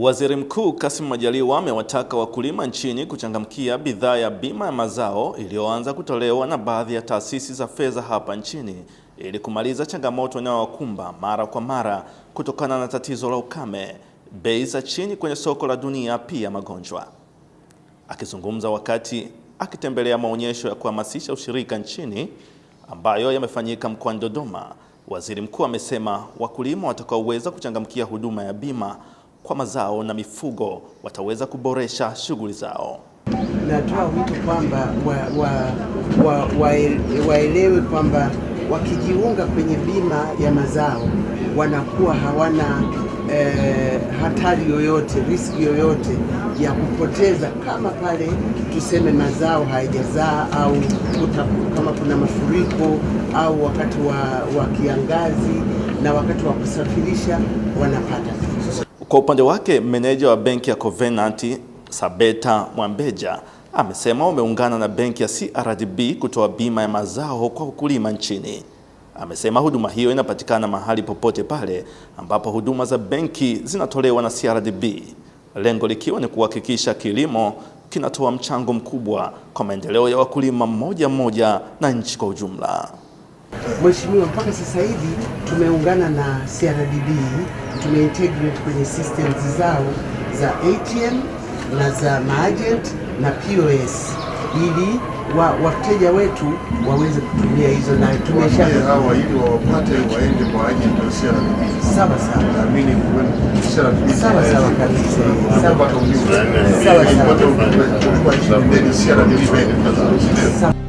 Waziri Mkuu Kassim Majaliwa amewataka wakulima nchini kuchangamkia bidhaa ya bima ya mazao iliyoanza kutolewa na baadhi ya taasisi za fedha hapa nchini ili kumaliza changamoto inayowakumba mara kwa mara kutokana na tatizo la ukame, bei za chini kwenye soko la dunia, pia magonjwa. Akizungumza wakati akitembelea maonyesho ya kuhamasisha ushirika nchini ambayo yamefanyika mkoani Dodoma, Waziri Mkuu amesema wakulima watakaoweza kuchangamkia huduma ya bima kwa mazao na mifugo wataweza kuboresha shughuli zao. Natoa wito kwamba waelewe wa, wa, wa kwamba wakijiunga kwenye bima ya mazao wanakuwa hawana eh, hatari yoyote, riski yoyote ya kupoteza, kama pale tuseme mazao hayajazaa au kuta, kama kuna mafuriko au wakati wa, wa kiangazi na wakati wa kusafirisha wanapata kwa upande wake meneja wa benki ya Covenant Sabeta Mwambeja amesema wameungana na benki ya CRDB kutoa bima ya mazao kwa wakulima nchini. Amesema huduma hiyo inapatikana mahali popote pale ambapo huduma za benki zinatolewa na CRDB, lengo likiwa ni kuhakikisha kilimo kinatoa mchango mkubwa kwa maendeleo ya wakulima mmoja mmoja na nchi kwa ujumla. Mheshimiwa, mpaka sasa hivi tumeungana na CRDB, tumeintegrate kwenye systems zao za ATM na za maagent na POS ili wa wateja wetu waweze kutumia hizo na tumesha hawa ili wawapate waende kwa agent wa CRDB. Sawa sawa. Naamini CRDB. Sawa sawa kabisa. Sawa sawa. Sawa sawa.